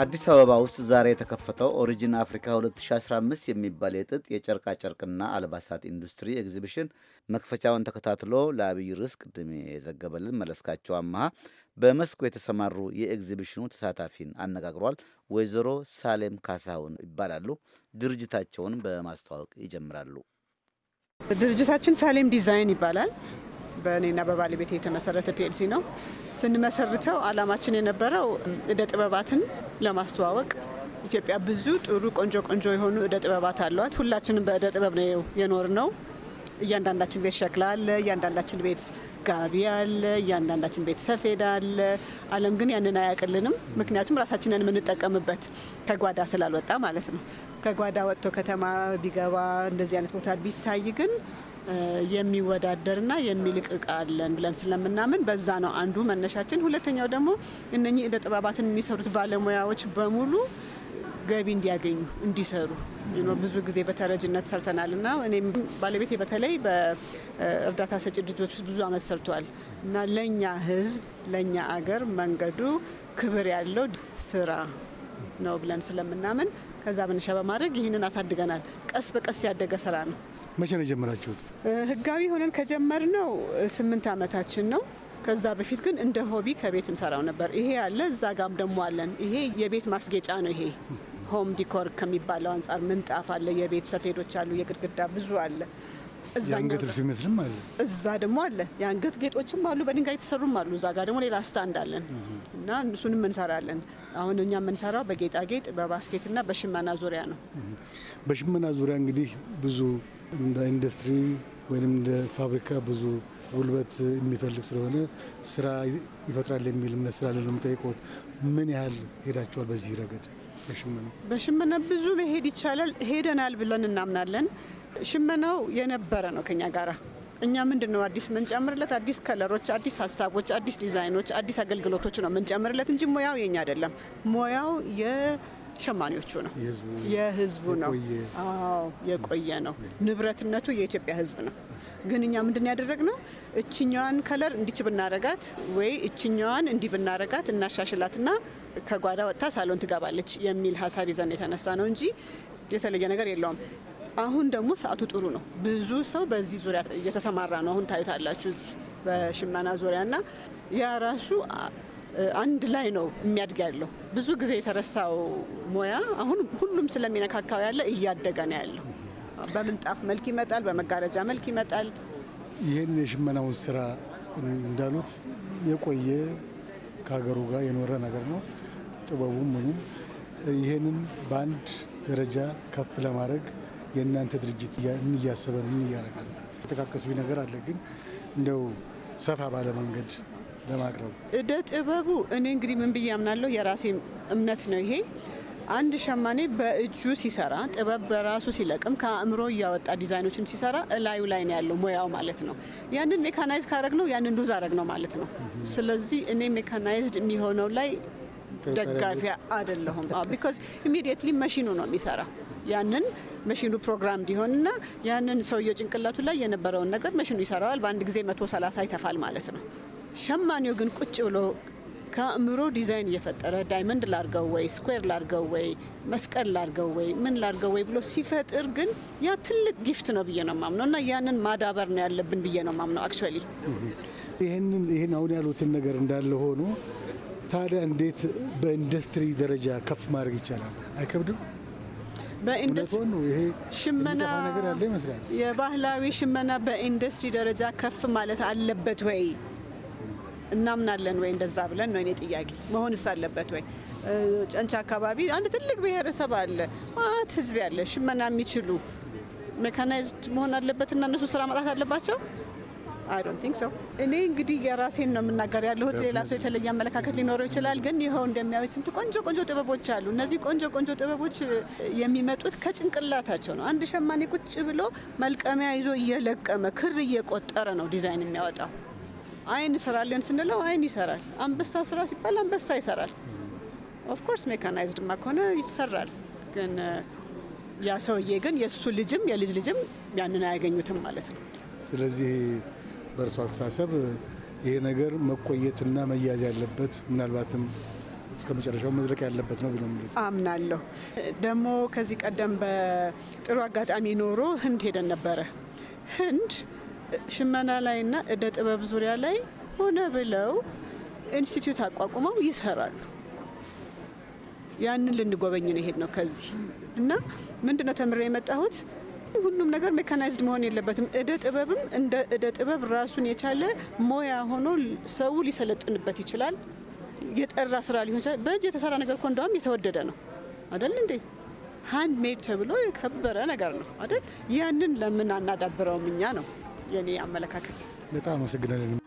አዲስ አበባ ውስጥ ዛሬ የተከፈተው ኦሪጂን አፍሪካ 2015 የሚባል የጥጥ የጨርቃጨርቅና አልባሳት ኢንዱስትሪ ኤግዚቢሽን መክፈቻውን ተከታትሎ ለአብይ ርዕስ ቅድሜ የዘገበልን መለስካቸው አመሃ በመስኩ የተሰማሩ የኤግዚቢሽኑ ተሳታፊን አነጋግሯል። ወይዘሮ ሳሌም ካሳሁን ይባላሉ። ድርጅታቸውን በማስተዋወቅ ይጀምራሉ። ድርጅታችን ሳሌም ዲዛይን ይባላል። በእኔና በባለቤት የተመሰረተ ፒኤልሲ ነው። ስንመሰርተው አላማችን የነበረው እደ ጥበባትን ለማስተዋወቅ ኢትዮጵያ ብዙ ጥሩ ቆንጆ ቆንጆ የሆኑ እደ ጥበባት አሏት። ሁላችንም በእደ ጥበብ ነው የኖር ነው። እያንዳንዳችን ቤት ሸክላ አለ፣ እያንዳንዳችን ቤት ጋቢ አለ፣ እያንዳንዳችን ቤት ሰፌድ አለ። ዓለም ግን ያንን አያውቅልንም። ምክንያቱም ራሳችንን የምንጠቀምበት ከጓዳ ስላልወጣ ማለት ነው። ከጓዳ ወጥቶ ከተማ ቢገባ እንደዚህ አይነት ቦታ ቢታይ ግን የሚወዳደርና የሚልቅ እቃ አለን ብለን ስለምናምን በዛ ነው አንዱ መነሻችን። ሁለተኛው ደግሞ እነኚህ እደ ጥበባትን የሚሰሩት ባለሙያዎች በሙሉ ገቢ እንዲያገኙ እንዲሰሩ ብዙ ጊዜ በተረጅነት ሰርተናል እና እኔም ባለቤቴ በተለይ በእርዳታ ሰጪ ድርጅቶች ውስጥ ብዙ አመት ሰርቷል እና ለእኛ ህዝብ ለእኛ አገር መንገዱ ክብር ያለው ስራ ነው ብለን ስለምናምን ከዛ መነሻ በማድረግ ይህንን አሳድገናል። ቀስ በቀስ ያደገ ስራ ነው። መቼ ነው የጀመራችሁት? ህጋዊ ሆነን ከጀመርነው ስምንት ዓመታችን ነው። ከዛ በፊት ግን እንደ ሆቢ ከቤት እንሰራው ነበር። ይሄ ያለ እዛ ጋም ደሞ አለን። ይሄ የቤት ማስጌጫ ነው። ይሄ ሆም ዲኮር ከሚባለው አንጻር ምንጣፍ አለ፣ የቤት ሰፌዶች አሉ፣ የግድግዳ ብዙ አለ። የአንገት ልብስ ይመስልም አለ። እዛ ደግሞ አለ የአንገት ጌጦችም አሉ፣ በድንጋይ የተሰሩም አሉ። እዛ ጋር ደግሞ ሌላ ስታንድ አለን እና እሱንም እንሰራለን። አሁን እኛ የምንሰራው በጌጣጌጥ በባስኬትና በሽመና ዙሪያ ነው። በሽመና ዙሪያ እንግዲህ ብዙ እንደ ኢንዱስትሪ ወይም እንደ ፋብሪካ ብዙ ጉልበት የሚፈልግ ስለሆነ ስራ ይፈጥራል የሚል እምነት ስላለ ነው የምጠይቀው። ምን ያህል ሄዳችኋል በዚህ ረገድ? በሽመና በሽመና ብዙ መሄድ ይቻላል፣ ሄደናል ብለን እናምናለን። ሽመናው የነበረ ነው ከኛ ጋራ እኛ ምንድን ነው አዲስ ምንጨምርለት አዲስ ከለሮች፣ አዲስ ሀሳቦች፣ አዲስ ዲዛይኖች፣ አዲስ አገልግሎቶች ነው ምንጨምርለት እንጂ ሙያው የኛ አይደለም። ሙያው የሸማኔዎቹ ነው፣ የህዝቡ ነው። አዎ የቆየ ነው። ንብረትነቱ የኢትዮጵያ ህዝብ ነው። ግን እኛ ምንድን ነው እችኛዋን ከለር እንዲች ብናረጋት ወይ እችኛዋን እንዲህ ብናረጋት ና ከጓዳ ወጥታ ሳሎን ትገባለች የሚል ሀሳብ ይዘን የተነሳ ነው እንጂ የተለየ ነገር የለውም። አሁን ደግሞ ሰዓቱ ጥሩ ነው። ብዙ ሰው በዚህ ዙሪያ እየተሰማራ ነው። አሁን ታዩታላችሁ እዚህ በሽመና ዙሪያ ና ያ ራሱ አንድ ላይ ነው የሚያድግ ያለው። ብዙ ጊዜ የተረሳው ሙያ አሁን ሁሉም ስለሚነካካው ያለ እያደገ ነው ያለው። በምንጣፍ መልክ ይመጣል፣ በመጋረጃ መልክ ይመጣል። ይህን የሽመናውን ስራ እንዳሉት የቆየ ከሀገሩ ጋር የኖረ ነገር ነው። ጥበቡም ምኑም ይህንን በአንድ ደረጃ ከፍ ለማድረግ የእናንተ ድርጅት እያሰበ ምን እያደረገ ነው? የተካከሱ ነገር አለ ግን እንደው ሰፋ ባለ መንገድ ለማቅረብ እደ ጥበቡ እኔ እንግዲህ ምን ብዬ አምናለሁ የራሴ እምነት ነው ይሄ አንድ ሸማኔ በእጁ ሲሰራ ጥበብ በራሱ ሲለቅም ከአእምሮ እያወጣ ዲዛይኖችን ሲሰራ እላዩ ላይ ነው ያለው ሙያው ማለት ነው። ያንን ሜካናይዝ ካረግ ነው ያንን ዱዝ አረግ ነው ማለት ነው። ስለዚህ እኔ ሜካናይዝድ የሚሆነው ላይ ደጋፊ አይደለሁም። ቢካዝ ኢሚዲየትሊ መሽኑ ነው የሚሰራው ያንን መሽኑ ፕሮግራም እንዲሆንና ያንን ሰውየው ጭንቅላቱ ላይ የነበረውን ነገር መሽኑ ይሰራዋል። በአንድ ጊዜ መቶ ሰላሳ ይተፋል ማለት ነው። ሸማኔው ግን ቁጭ ብሎ ከአእምሮ ዲዛይን እየፈጠረ ዳይመንድ ላርገው ወይ ስኩዌር ላርገው ወይ መስቀል ላርገው ወይ ምን ላርገው ወይ ብሎ ሲፈጥር ግን ያ ትልቅ ጊፍት ነው ብዬ ነው ማምነው እና ያንን ማዳበር ነው ያለብን ብዬ ነው ማምነው። አክቹዋሊ ይህንን ይህን አሁን ያሉትን ነገር እንዳለ ሆኖ ታዲያ እንዴት በኢንዱስትሪ ደረጃ ከፍ ማድረግ ይቻላል? አይከብድም። ሽመና የባህላዊ ሽመና በኢንዱስትሪ ደረጃ ከፍ ማለት አለበት ወይ እናምናለን ወይ እንደዛ ብለን ነው እኔ ጥያቄ መሆንስ አለበት ወይ? ጨንቻ አካባቢ አንድ ትልቅ ብሔረሰብ አለ፣ ማት ህዝብ ያለ ሽመና የሚችሉ ሜካናይዝድ መሆን አለበት እና እነሱ ስራ ማጣት አለባቸው። እኔ እንግዲህ የራሴን ነው የምናገር ያለሁት። ሌላ ሰው የተለየ አመለካከት ሊኖረው ይችላል። ግን ይኸው እንደሚያዩት ስንት ቆንጆ ቆንጆ ጥበቦች አሉ። እነዚህ ቆንጆ ቆንጆ ጥበቦች የሚመጡት ከጭንቅላታቸው ነው። አንድ ሸማኔ ቁጭ ብሎ መልቀሚያ ይዞ እየለቀመ ክር እየቆጠረ ነው ዲዛይን የሚያወጣው። አይን ይሰራልን ስንለው አይን ይሰራል። አንበሳ ስራ ሲባል አንበሳ ይሰራል። ኦፍኮርስ ሜካናይዝድ ማ ከሆነ ይሰራል። ግን ያ ሰውዬ ግን የእሱ ልጅም የልጅ ልጅም ያንን አያገኙትም ማለት ነው። ስለዚህ በእርሱ አስተሳሰብ ይሄ ነገር መቆየትና መያዝ ያለበት ምናልባትም እስከ መጨረሻው መድረቅ ያለበት ነው ብለው አምናለሁ። ደግሞ ከዚህ ቀደም በጥሩ አጋጣሚ ኖሮ ህንድ ሄደን ነበረ ህንድ ሽመና ና እደ ጥበብ ዙሪያ ላይ ሆነ ብለው ኢንስቲትዩት አቋቁመው ይሰራሉ። ያንን ልንጎበኝ ነው ሄድ ነው ከዚህ እና ምንድነው ነው ተምሬ የመጣሁት ሁሉም ነገር ሜካናይዝድ መሆን የለበትም። እደ ጥበብም እንደ እደ ጥበብ ራሱን የቻለ ሞያ ሆኖ ሰው ሊሰለጥንበት ይችላል። የጠራ ስራ ሊሆን ይችላል። በእጅ የተሰራ ነገር እኮ እንደውም የተወደደ ነው አደል እንዴ? ሃንድ ሜድ ተብሎ የከበረ ነገር ነው አደል? ያንን ለምን አናዳብረውም እኛ ነው የኔ አመለካከት። በጣም አመሰግናለን።